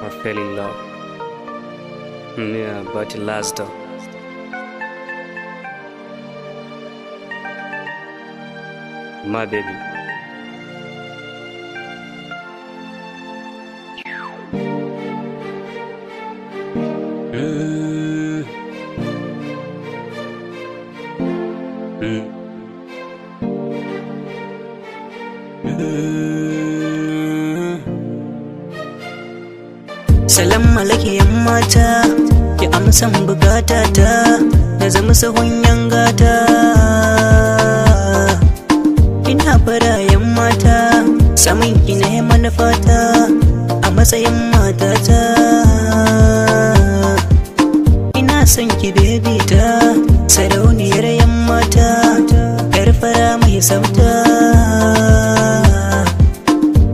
I fell in love. Yeah, but lasted. My baby. Mm. Hmm. salam malakiyan mata ki amsan bukata ta na zama sahun gata ina farayen mata samun ki na manufata a matsayin matata ina son ki bebe ta sarauniyar yan mata yar fara mai sauta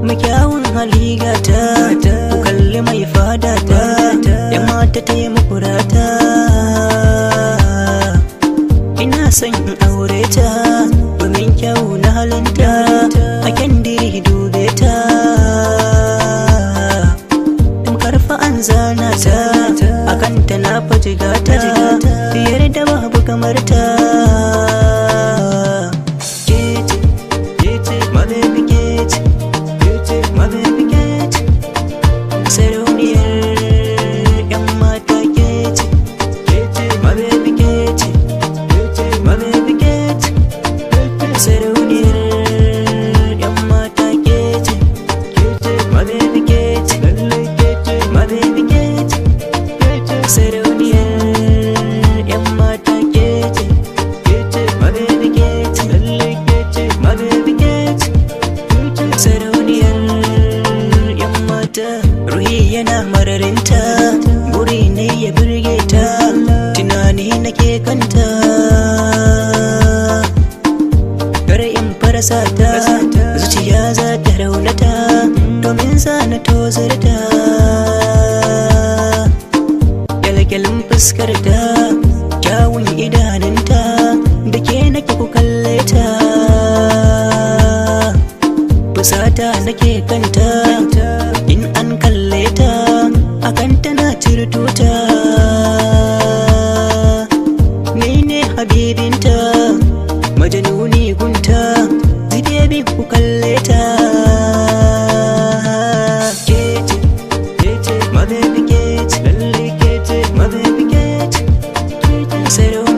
makyawun haligata San in aure ta domin kyau na halinta a kyan diri dube ta in karfa an zana ta akan ta na fatiga sata zuciya za ta raunata domin sana tozarta kyalkyalin fuskar ta cero.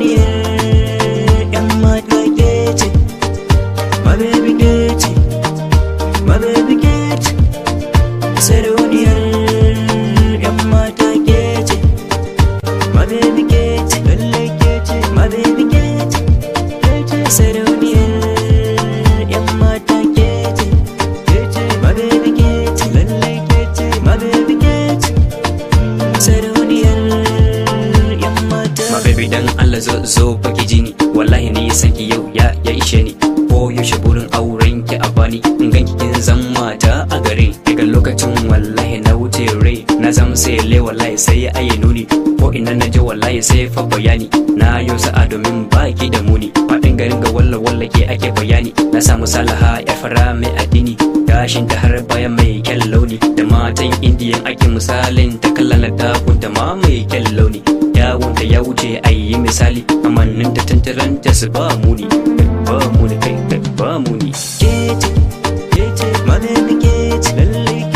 Allah zo zo baki jini wallahi ni ki yau ya ya ishe ni ko yaushe burin auren ki a bani in ganki kin zan mata a gare daga lokacin wallahi na wuce rai na zama sai le wallahi sai ayi nuni ko ina na je wallahi sai fa bayani na yo sa'a domin baki da muni faɗin garin ga wallahi wallahi ke ake bayani na sa musalaha ya fara mai addini gashin ta har baya mai kyan launi da matan indiyan ake misalin ta kallan ta da ma mai kyan launi kyawunta ya wuce a yi misali amannin ta tantaran ta su ba muni ba muni kai ba muni kece kece magana kece lalle